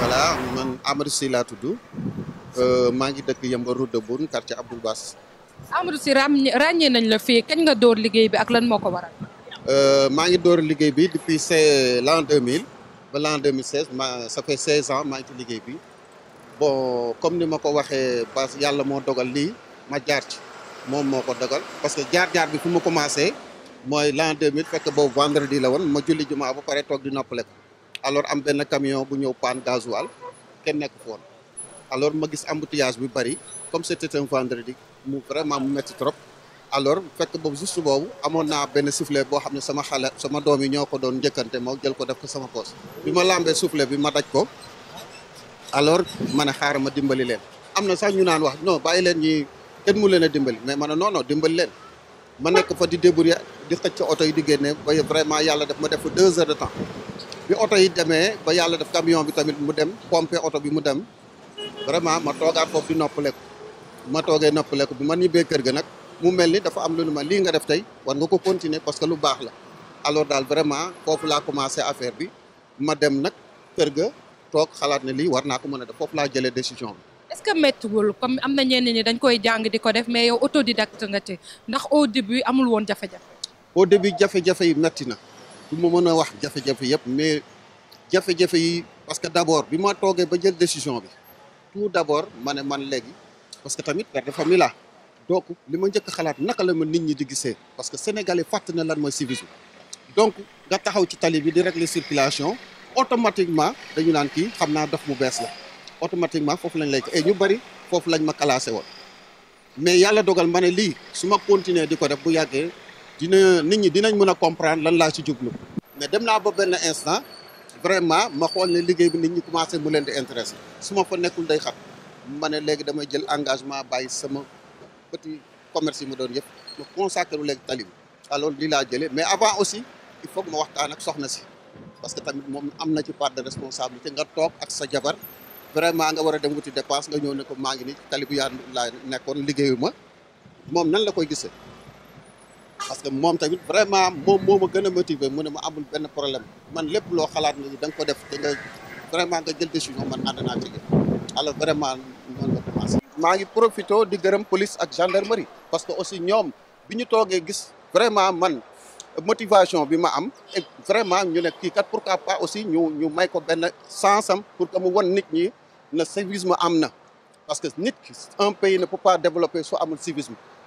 voilà man Amadou Sy laa tudd euh, maa ngi dëkk Yeumbeul route de Bourne quartier Abdou Bass. Amadou Sy ràññee nañ la fii kañ nga door liggéey bi ak lan moo ko waral. Euh, maa ngi door liggéey bi depuis c'est l'an 2000 ba l'an 2016 ma ça fait 16 ans maa ngi ci liggéey bi bon comme ni ma ko waxee parce que yàlla moo dogal lii ma jaar ci moom moo ko dogal parce que jaar-jaar bi fu mu commencé mooy l'an 2000 fekk boobu vendredi la woon ma julli jumaa ba pare toog di noppale ko alors am un camion bu ñew panne gasoil ken nek alors ma gis embouteillage comme c'était un vendredi mu vraiment mu metti trop alors fekk bob juste que je suis benn soufflet bo xam sama xala sama doom ñoko don jëkante mo jël ko def ko sama poste soufflet bi ma alors je ne dimbali len amna ñu naan wax non dimbali mais non non dimbali len ma nek fa di débrouiller di ci auto yi di vraiment ma deux heures de temps bi auto yi demee ba yalla def camion bi tamit mu dem pomper auto bi mu dem vraiment ma toga fop di noppaleku ma toogee noppaleku bi ma ñibé kër ga nak mu melni dafa am lu ma lii nga def tay war nga ko continuer parce que lu bax la alors dal vraiment foofu la commencé affaire bi ma dem nak kër ga tok xalat ne li war na ko mëna def foofu la jëlé décision est-ce que méttiwul comme amna na ñenn ñi dañ koy jang di ko def mais yow autodidacte nga ci ndax au début amul won jafé jafé au début jafé jafé yi metti na. du ma mën a wax jafe-jafe yëpp mais jafe-jafe yi parce que d'abord, abord bi ma toogee ba jël décision bi tout d'abord, abord ma man léegi parce que tamit père de famille laa donc li ma njëkk xalaat naka la ma nit ñi di gisee parce que sénégalais fàtt na lan mooy civisme donc nga taxaw ci tali bi di régler circulation automatiquement dañu naan kii xam naa dof bu bees la automatiquement foofu lañ lay ko eh, et ñu bari, foofu lañ ma classé woon mais yàlla dogal ma ne lii su ma continuer di ko def bu yàggee dina nit ñi dinañ mën comprendre lan la ci djublu mais dem na ba ben instant vraiment ma xol ne liggéey bi nit ñi commencé mu leen di intéresser suma fa nekkul day xat mané légui dama jël engagement bàyyi sama petit commerce yi ma doon yëpp ma consacré lu léegi tali alors lii la jëlé mais avant aussi il faut que ma waxtaan ak soxna si parce que tamit mom am na ci part de responsabilité nga tok ak sa jabar vraiment nga wara dem wuti dépense nga ñëw ne ko maa ni talib ya yaa nekkon nekkoon liggéeyu ma moom nan la koy gissé parce que mom tamit vraiment mom moma gëna gën motiver mu ne ma amul ben problème man lepp lo xalaat ni dang ko def te nga vraiment nga jël décision man andana ci ci alors vraiment noonu la commencé. ma ngi profito di gërëm police ak gendarmerie parce que aussi ñom biñu togué gis vraiment man motivation bi ma am et vraiment ñu nek ki kat pourquoi pas aussi ñu ñu may ko ben sens pour que mu won nit ñi na civisme amna parce que nit un pays ne peut pas développer soo amul civisme.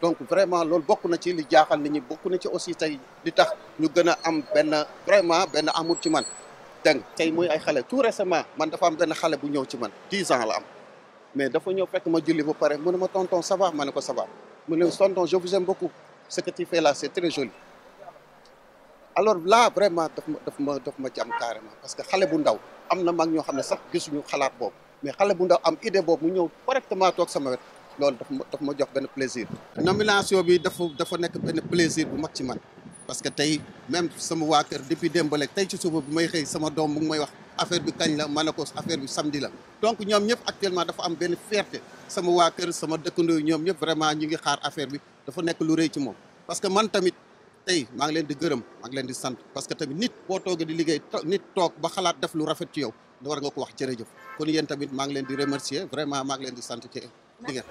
donc vraiment loolu bokk na ci li jaaxal nit ñi bokk na ci aussi tey li tax ñu gën a am benn vraiment benn amul ci man ten tey mooy ay xale tout récemment man dafa am benn xale bu ñëw ci man dix ans la am mais dafa ñëw fekk ma julli ba pare mu ne ma tonton ça va ma ne ko ça va mu ne tonton je vous aime beaucoup ce que tu c'est très joli alors la vraiment def ma daf ma daf ma ci am carrément parce que xale bu ndaw am na mag ñoo xam ne sax gisuñu xalaat boobu mais xale bu ndaw am idée boobu mu ñëw correctement toog sama loolu daf ma daf ma jox benn plaisir. nomination bi dafa dafa nekk benn plaisir bu mag ci man parce que tey même sama waa kër depuis démb rek tey ci suba bi may xëy sama doom mu ngi may wax affaire bi kañ la ma ne ko affaire bi samedi la. donc ñoom ñëpp actuellement dafa am benn fierté sama waa kër sama dëkkandoo ñoom ñëpp vraiment ñu ngi xaar affaire bi dafa nekk lu rëy ci moom parce que man tamit. tey maa ngi leen di gërëm maa ngi leen di sant parce que tamit nit boo toogee di liggéey nit toog ba xalaat def lu rafet ci yow da war nga ko wax jërëjëf kon yéen tamit maa ngi leen di remercier vraiment maa ngi leen di sant ci 这个。